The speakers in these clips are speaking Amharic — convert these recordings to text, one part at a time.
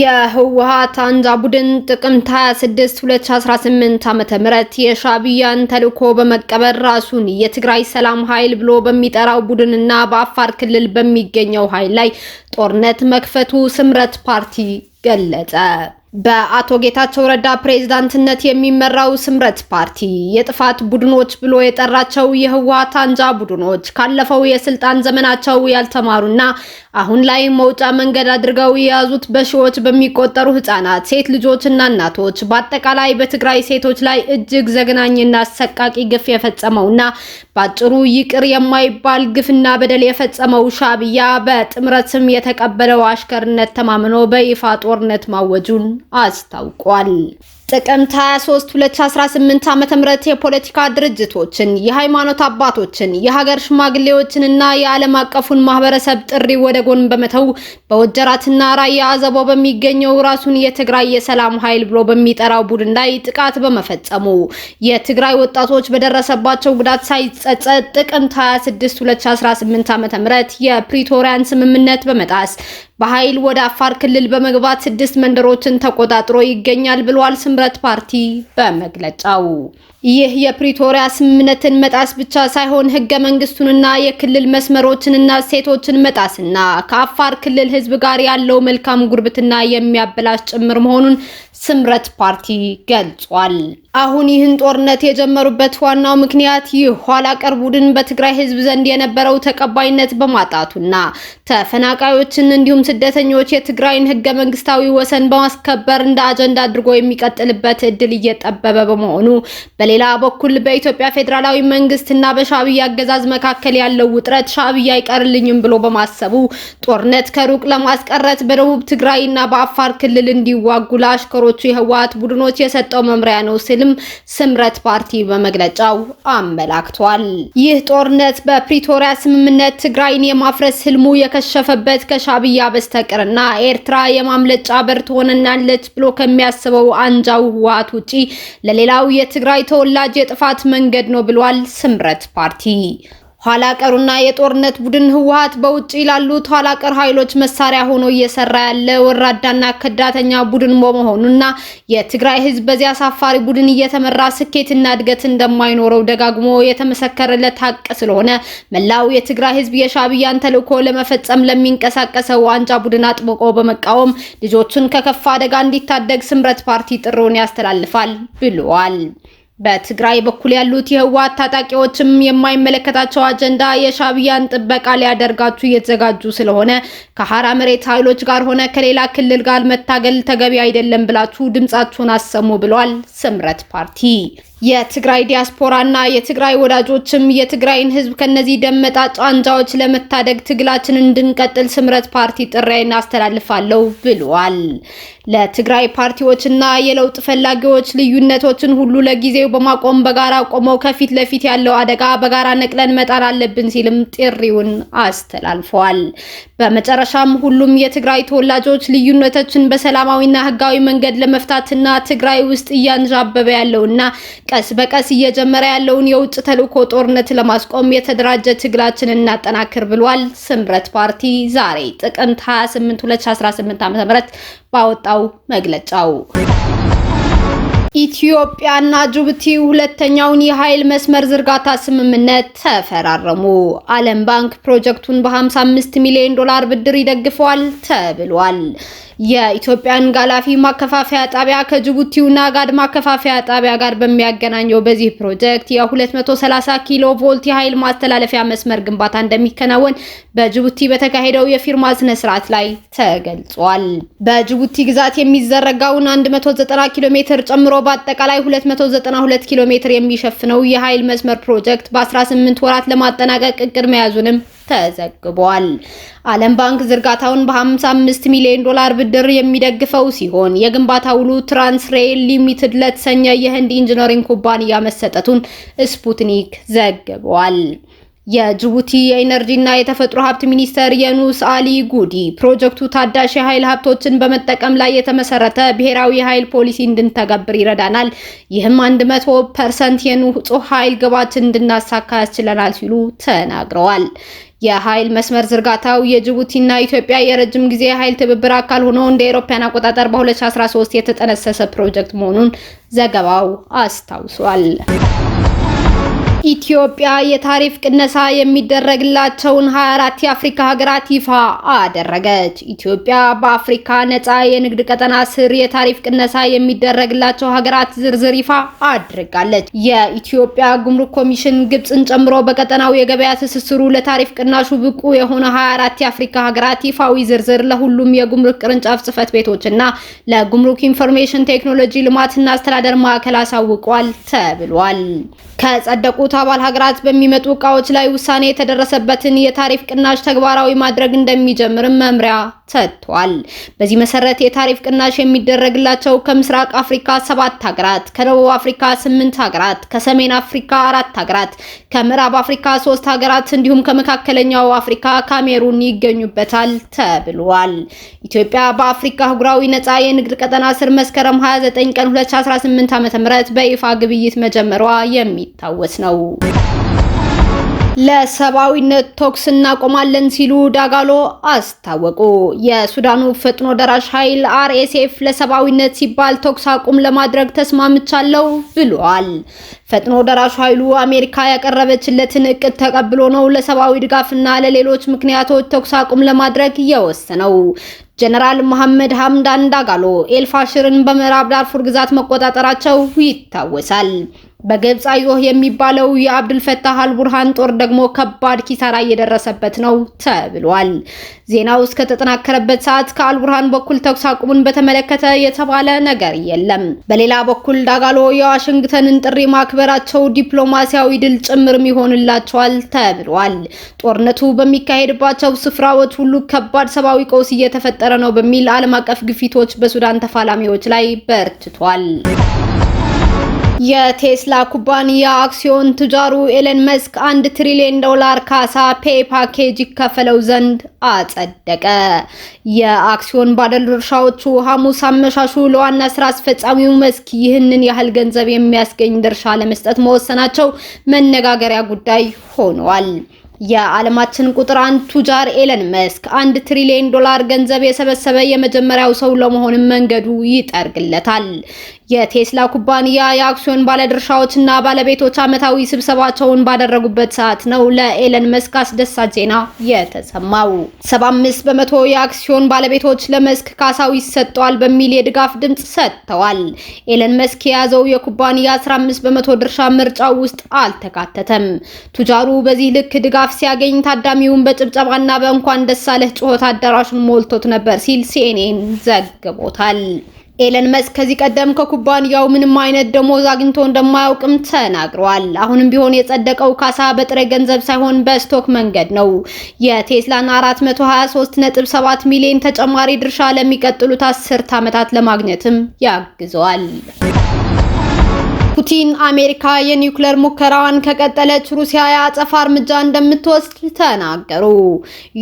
የህወሀት አንጃ ቡድን ጥቅምት 26 2018 ዓ.ም የሻዕቢያን ተልዕኮ በመቀበል ራሱን የትግራይ ሰላም ኃይል ብሎ በሚጠራው ቡድንና በአፋር ክልል በሚገኘው ኃይል ላይ ጦርነት መክፈቱ ስምረት ፓርቲ ገለጸ። በአቶ ጌታቸው ረዳ ፕሬዝዳንትነት የሚመራው ስምረት ፓርቲ የጥፋት ቡድኖች ብሎ የጠራቸው የህወሓት አንጃ ቡድኖች ካለፈው የስልጣን ዘመናቸው ያልተማሩና አሁን ላይ መውጫ መንገድ አድርገው የያዙት በሺዎች በሚቆጠሩ ህጻናት፣ ሴት ልጆችና እናቶች በአጠቃላይ በትግራይ ሴቶች ላይ እጅግ ዘግናኝና አሰቃቂ ግፍ የፈጸመውና በአጭሩ ይቅር የማይባል ግፍና በደል የፈጸመው ሻዕቢያ በጥምረት ስም የተቀበለው አሽከርነት ተማምኖ በይፋ ጦርነት ማወጁን አስታውቋል። ጥቅምት 23 2018 ዓ.ም የፖለቲካ ድርጅቶችን፣ የሃይማኖት አባቶችን፣ የሀገር ሽማግሌዎችን እና የዓለም አቀፉን ማህበረሰብ ጥሪ ወደ ጎን በመተው በወጀራትና ራያ አዘቦ በሚገኘው ራሱን የትግራይ የሰላም ኃይል ብሎ በሚጠራው ቡድን ላይ ጥቃት በመፈጸሙ የትግራይ ወጣቶች በደረሰባቸው ጉዳት ሳይጸጸት ጥቅምት 26 2018 ዓ.ም የፕሪቶሪያን ስምምነት በመጣስ በኃይል ወደ አፋር ክልል በመግባት ስድስት መንደሮችን ተቆጣጥሮ ይገኛል ብሏል። ጥምረት ፓርቲ በመግለጫው ይህ የፕሪቶሪያ ስምምነትን መጣስ ብቻ ሳይሆን ህገ መንግስቱንና የክልል መስመሮችንና ሴቶችን መጣስና ከአፋር ክልል ህዝብ ጋር ያለው መልካም ጉርብትና የሚያበላሽ ጭምር መሆኑን ስምረት ፓርቲ ገልጿል። አሁን ይህን ጦርነት የጀመሩበት ዋናው ምክንያት ይህ ኋላ ቀር ቡድን በትግራይ ህዝብ ዘንድ የነበረው ተቀባይነት በማጣቱና ተፈናቃዮችን እንዲሁም ስደተኞች የትግራይን ህገ መንግስታዊ ወሰን በማስከበር እንደ አጀንዳ አድርጎ የሚቀጥልበት እድል እየጠበበ በመሆኑ፣ በሌላ በኩል በኢትዮጵያ ፌዴራላዊ መንግስት እና በሻብያ አገዛዝ መካከል ያለው ውጥረት ሻብያ አይቀርልኝም ብሎ በማሰቡ ጦርነት ከሩቅ ለማስቀረት በደቡብ ትግራይ እና በአፋር ክልል እንዲዋጉ ለአሽከሮቹ የህወሀት ቡድኖች የሰጠው መምሪያ ነው ሲልም ስምረት ፓርቲ በመግለጫው አመላክቷል። ይህ ጦርነት በፕሪቶሪያ ስምምነት ትግራይን የማፍረስ ህልሙ ከከሸፈበት ከሻዕቢያ በስተቀርና ኤርትራ የማምለጫ በር ትሆነናለች ብሎ ከሚያስበው አንጃው ህወሓት ውጪ ለሌላው የትግራይ ተወላጅ የጥፋት መንገድ ነው ብሏል ስምረት ፓርቲ። ኋላ ቀሩና የጦርነት ቡድን ህወሓት በውጭ ላሉት ኋላ ቀር ኃይሎች መሳሪያ ሆኖ እየሰራ ያለ ወራዳና ከዳተኛ ቡድን በመሆኑና የትግራይ ህዝብ በዚያ አሳፋሪ ቡድን እየተመራ ስኬትና እድገት እንደማይኖረው ደጋግሞ የተመሰከረለት ሀቅ ስለሆነ መላው የትግራይ ህዝብ የሻዕቢያን ተልዕኮ ለመፈጸም ለሚንቀሳቀሰው አንጃ ቡድን አጥብቆ በመቃወም ልጆቹን ከከፋ አደጋ እንዲታደግ ስምረት ፓርቲ ጥሪውን ያስተላልፋል ብለዋል። በትግራይ በኩል ያሉት የህወሓት ታጣቂዎችም የማይመለከታቸው አጀንዳ የሻቢያን ጥበቃ ሊያደርጋችሁ እየተዘጋጁ ስለሆነ ከሐራ መሬት ኃይሎች ጋር ሆነ ከሌላ ክልል ጋር መታገል ተገቢ አይደለም ብላችሁ ድምጻችሁን አሰሙ ብሏል ስምረት ፓርቲ። የትግራይ ዲያስፖራና የትግራይ ወዳጆችም የትግራይን ህዝብ ከነዚህ ደመጣጭ አንጃዎች ለመታደግ ትግላችን እንድንቀጥል ስምረት ፓርቲ ጥሪዬን አስተላልፋለሁ ብሏል። ለትግራይ ፓርቲዎችና የለውጥ ፈላጊዎች ልዩነቶችን ሁሉ ለጊዜው በማቆም በጋራ ቆመው ከፊት ለፊት ያለው አደጋ በጋራ ነቅለን መጣል አለብን ሲልም ጥሪውን አስተላልፈዋል። በመጨረሻም ሁሉም የትግራይ ተወላጆች ልዩነቶችን በሰላማዊና ህጋዊ መንገድ ለመፍታትና ትግራይ ውስጥ እያንዣበበ ያለውና ቀስ በቀስ እየጀመረ ያለውን የውጭ ተልኮ ጦርነት ለማስቆም የተደራጀ ትግላችን እናጠናክር ብሏል። ስምረት ፓርቲ ዛሬ ጥቅምት 28 2018 ዓ.ም ባወጣው መግለጫው ኢትዮጵያና ጅቡቲ ሁለተኛውን የኃይል መስመር ዝርጋታ ስምምነት ተፈራረሙ። ዓለም ባንክ ፕሮጀክቱን በ55 ሚሊዮን ዶላር ብድር ይደግፈዋል ተብሏል። የኢትዮጵያን ጋላፊ ማከፋፈያ ጣቢያ ከጅቡቲው ናጋድ ማከፋፈያ ጣቢያ ጋር በሚያገናኘው በዚህ ፕሮጀክት የ230 ኪሎ ቮልት የኃይል ማስተላለፊያ መስመር ግንባታ እንደሚከናወን በጅቡቲ በተካሄደው የፊርማ ስነ ስርዓት ላይ ተገልጿል። በጅቡቲ ግዛት የሚዘረጋውን 190 ኪሎ ሜትር ጨምሮ በአጠቃላይ 292 ኪሎ ሜትር የሚሸፍነው የኃይል መስመር ፕሮጀክት በ18 ወራት ለማጠናቀቅ እቅድ መያዙንም ተዘግቧል። ዓለም ባንክ ዝርጋታውን በ55 ሚሊዮን ዶላር ብድር የሚደግፈው ሲሆን የግንባታ ውሉ ትራንስሬል ሊሚትድ ለተሰኘ የህንድ ኢንጂነሪንግ ኩባንያ መሰጠቱን ስፑትኒክ ዘግቧል። የጅቡቲ የኢነርጂ የተፈጥሮ ሀብት ሚኒስተር የኑስ አሊ ጉዲ ፕሮጀክቱ ታዳሽ የኃይል ሀብቶችን በመጠቀም ላይ የተመሰረተ ብሔራዊ የኃይል ፖሊሲ እንድንተገብር ይረዳናል። ይህም 100 ፐርሰንት የንጹህ ኃይል ግባችን እንድናሳካ ያስችለናል ሲሉ ተናግረዋል። የኃይል መስመር ዝርጋታው የጅቡቲና ኢትዮጵያ የረጅም ጊዜ የኃይል ትብብር አካል ሆኖ እንደ አውሮፓውያን አቆጣጠር በ2013 የተጠነሰሰ ፕሮጀክት መሆኑን ዘገባው አስታውሷል። ኢትዮጵያ የታሪፍ ቅነሳ የሚደረግላቸውን 24 የአፍሪካ ሀገራት ይፋ አደረገች። ኢትዮጵያ በአፍሪካ ነፃ የንግድ ቀጠና ስር የታሪፍ ቅነሳ የሚደረግላቸው ሀገራት ዝርዝር ይፋ አድርጋለች። የኢትዮጵያ ጉምሩክ ኮሚሽን ግብፅን ጨምሮ በቀጠናው የገበያ ትስስሩ ለታሪፍ ቅናሹ ብቁ የሆነ 24 የአፍሪካ ሀገራት ይፋዊ ዝርዝር ለሁሉም የጉምሩክ ቅርንጫፍ ጽህፈት ቤቶች እና ለጉምሩክ ኢንፎርሜሽን ቴክኖሎጂ ልማትና አስተዳደር ማዕከል አሳውቋል ተብሏል። ያጸደቁት አባል ሀገራት በሚመጡ እቃዎች ላይ ውሳኔ የተደረሰበትን የታሪፍ ቅናሽ ተግባራዊ ማድረግ እንደሚጀምርም መምሪያ ሰጥቷል። በዚህ መሰረት የታሪፍ ቅናሽ የሚደረግላቸው ከምስራቅ አፍሪካ ሰባት ሀገራት፣ ከደቡብ አፍሪካ ስምንት ሀገራት፣ ከሰሜን አፍሪካ አራት ሀገራት፣ ከምዕራብ አፍሪካ ሶስት ሀገራት እንዲሁም ከመካከለኛው አፍሪካ ካሜሩን ይገኙበታል ተብሏል። ኢትዮጵያ በአፍሪካ አህጉራዊ ነጻ የንግድ ቀጠና ስር መስከረም 29 ቀን 2018 ዓ.ም በይፋ ግብይት መጀመሯ የሚታወ የሚፈዋወስ ነው። ለሰብአዊነት ተኩስ እናቆማለን ሲሉ ዳጋሎ አስታወቁ። የሱዳኑ ፈጥኖ ደራሽ ኃይል አርኤስኤፍ ለሰብአዊነት ሲባል ተኩስ አቁም ለማድረግ ተስማምቻለሁ ብሏል። ፈጥኖ ደራሽ ኃይሉ አሜሪካ ያቀረበችለትን እቅድ ተቀብሎ ነው ለሰብአዊ ድጋፍና ለሌሎች ምክንያቶች ተኩስ አቁም ለማድረግ የወሰነው። ጀነራል መሐመድ ሐምዳን ዳጋሎ ኤልፋሽርን በምዕራብ ዳርፉር ግዛት መቆጣጠራቸው ይታወሳል። በገብጽ አዮህ የሚባለው የአብዱልፈታህ አልቡርሃን ጦር ደግሞ ከባድ ኪሳራ እየደረሰበት ነው ተብሏል። ዜናው እስከተጠናከረበት ሰዓት ከአልቡርሃን በኩል ተኩስ አቁሙን በተመለከተ የተባለ ነገር የለም። በሌላ በኩል ዳጋሎ የዋሽንግተንን ጥሪ ማክበራቸው ዲፕሎማሲያዊ ድል ጭምር ይሆንላቸዋል ተብሏል። ጦርነቱ በሚካሄድባቸው ስፍራዎች ሁሉ ከባድ ሰብአዊ ቀውስ እየተፈጠረ ነው በሚል ዓለም አቀፍ ግፊቶች በሱዳን ተፋላሚዎች ላይ በርትቷል። የቴስላ ኩባንያ አክሲዮን ቱጃሩ ኤለን መስክ አንድ ትሪሊዮን ዶላር ካሳ ፔ ፓኬጅ ይከፈለው ዘንድ አጸደቀ። የአክሲዮን ባለድርሻዎቹ ሐሙስ አመሻሹ ለዋና ስራ አስፈጻሚው መስክ ይህንን ያህል ገንዘብ የሚያስገኝ ድርሻ ለመስጠት መወሰናቸው መነጋገሪያ ጉዳይ ሆኗል። የዓለማችን ቁጥር አንድ ቱጃር ኤለን መስክ አንድ ትሪሊዮን ዶላር ገንዘብ የሰበሰበ የመጀመሪያው ሰው ለመሆን መንገዱ ይጠርግለታል። የቴስላ ኩባንያ የአክሲዮን ባለድርሻዎችና ባለቤቶች ዓመታዊ ስብሰባቸውን ባደረጉበት ሰዓት ነው ለኤለን መስክ አስደሳች ዜና የተሰማው። 75 በመቶ የአክሲዮን ባለቤቶች ለመስክ ካሳው ይሰጠዋል በሚል የድጋፍ ድምፅ ሰጥተዋል። ኤለን መስክ የያዘው የኩባንያ 15 በመቶ ድርሻ ምርጫው ውስጥ አልተካተተም። ቱጃሩ በዚህ ልክ ድጋፍ ድጋፍ ሲያገኝ ታዳሚውን በጭብጨባና በእንኳን ደሳለህ ጩኸት አዳራሹን ሞልቶት ነበር ሲል ሲኤንኤን ዘግቦታል። ኤለን መስክ ከዚህ ቀደም ከኩባንያው ምንም አይነት ደሞዝ አግኝቶ እንደማያውቅም ተናግሯል። አሁንም ቢሆን የጸደቀው ካሳ በጥሬ ገንዘብ ሳይሆን በስቶክ መንገድ ነው። የቴስላን 423.7 ሚሊዮን ተጨማሪ ድርሻ ለሚቀጥሉት አስርት ዓመታት ለማግኘትም ያግዘዋል። ፑቲን አሜሪካ የኒውክሌር ሙከራዋን ከቀጠለች ሩሲያ የአጸፋ እርምጃ እንደምትወስድ ተናገሩ።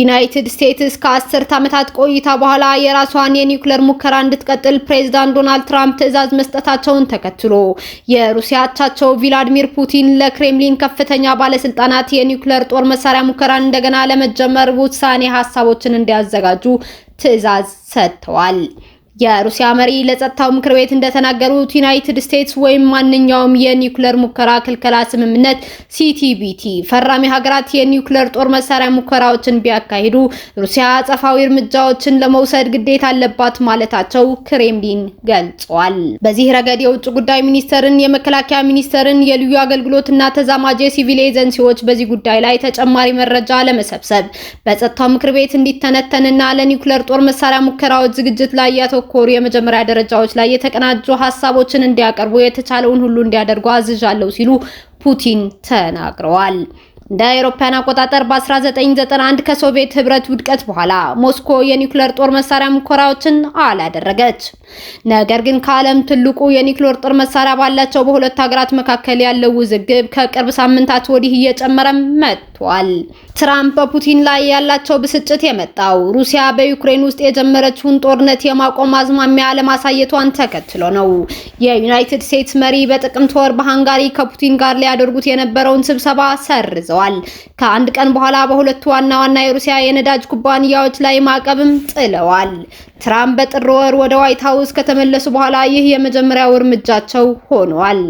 ዩናይትድ ስቴትስ ከአስርት ዓመታት ቆይታ በኋላ የራሷን የኒውክሌር ሙከራ እንድትቀጥል ፕሬዚዳንት ዶናልድ ትራምፕ ትዕዛዝ መስጠታቸውን ተከትሎ የሩሲያ አቻቸው ቪላዲሚር ፑቲን ለክሬምሊን ከፍተኛ ባለስልጣናት የኒውክሌር ጦር መሳሪያ ሙከራን እንደገና ለመጀመር ውሳኔ ሀሳቦችን እንዲያዘጋጁ ትዕዛዝ ሰጥተዋል። የሩሲያ መሪ ለጸጥታው ምክር ቤት እንደተናገሩት ዩናይትድ ስቴትስ ወይም ማንኛውም የኒውክሌር ሙከራ ክልከላ ስምምነት ሲቲቢቲ ፈራሚ ሀገራት የኒውክሌር ጦር መሳሪያ ሙከራዎችን ቢያካሂዱ ሩሲያ አጸፋዊ እርምጃዎችን ለመውሰድ ግዴታ አለባት ማለታቸው ክሬምሊን ገልጿል። በዚህ ረገድ የውጭ ጉዳይ ሚኒስተርን፣ የመከላከያ ሚኒስተርን፣ የልዩ አገልግሎትና ተዛማጅ የሲቪል ኤጀንሲዎች በዚህ ጉዳይ ላይ ተጨማሪ መረጃ ለመሰብሰብ በጸጥታው ምክር ቤት እንዲተነተንና ለኒውክሌር ጦር መሳሪያ ሙከራዎች ዝግጅት ላይ ያተኩ ኮሪ የመጀመሪያ ደረጃዎች ላይ የተቀናጁ ሀሳቦችን እንዲያቀርቡ የተቻለውን ሁሉ እንዲያደርጉ አዝዣለሁ ሲሉ ፑቲን ተናግረዋል። እንደ አውሮፓውያን አቆጣጠር በ1991 ከሶቪየት ህብረት ውድቀት በኋላ ሞስኮ የኒውክሌር ጦር መሳሪያ ሙከራዎችን አላደረገች። ነገር ግን ከዓለም ትልቁ የኒውክሌር ጦር መሳሪያ ባላቸው በሁለት ሀገራት መካከል ያለው ውዝግብ ከቅርብ ሳምንታት ወዲህ እየጨመረ መጥቷል። ትራምፕ በፑቲን ላይ ያላቸው ብስጭት የመጣው ሩሲያ በዩክሬን ውስጥ የጀመረችውን ጦርነት የማቆም አዝማሚያ ለማሳየቷን ተከትሎ ነው። የዩናይትድ ስቴትስ መሪ በጥቅምት ወር በሃንጋሪ ከፑቲን ጋር ሊያደርጉት የነበረውን ስብሰባ ሰርዘዋል። አድርገዋል። ከአንድ ቀን በኋላ በሁለቱ ዋና ዋና የሩሲያ የነዳጅ ኩባንያዎች ላይ ማዕቀብም ጥለዋል። ትራምፕ በጥር ወር ወደ ዋይት ሀውስ ከተመለሱ በኋላ ይህ የመጀመሪያው እርምጃቸው ሆኗል።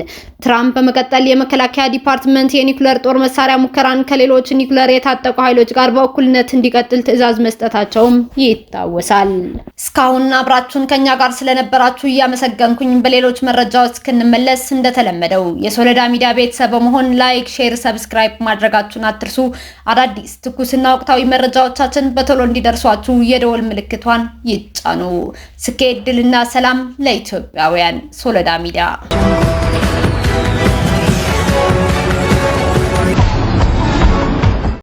ትራምፕ በመቀጠል የመከላከያ ዲፓርትመንት የኒኩለር ጦር መሳሪያ ሙከራን ከሌሎች ኒኩለር የታጠቁ ኃይሎች ጋር በእኩልነት እንዲቀጥል ትዕዛዝ መስጠታቸውም ይታወሳል። እስካሁን አብራችሁን ከኛ ጋር ስለነበራችሁ እያመሰገንኩኝ በሌሎች መረጃዎች እስክንመለስ እንደተለመደው የሶለዳ ሚዲያ ቤተሰብ በመሆን ላይክ፣ ሼር፣ ሰብስክራይብ ማድረጋ ማድረጋችሁን አትርሱ። አዳዲስ ትኩስና ወቅታዊ መረጃዎቻችን በቶሎ እንዲደርሷችሁ የደወል ምልክቷን ይጫኑ። ስኬት፣ ድልና ሰላም ለኢትዮጵያውያን። ሶሎዳ ሚዲያ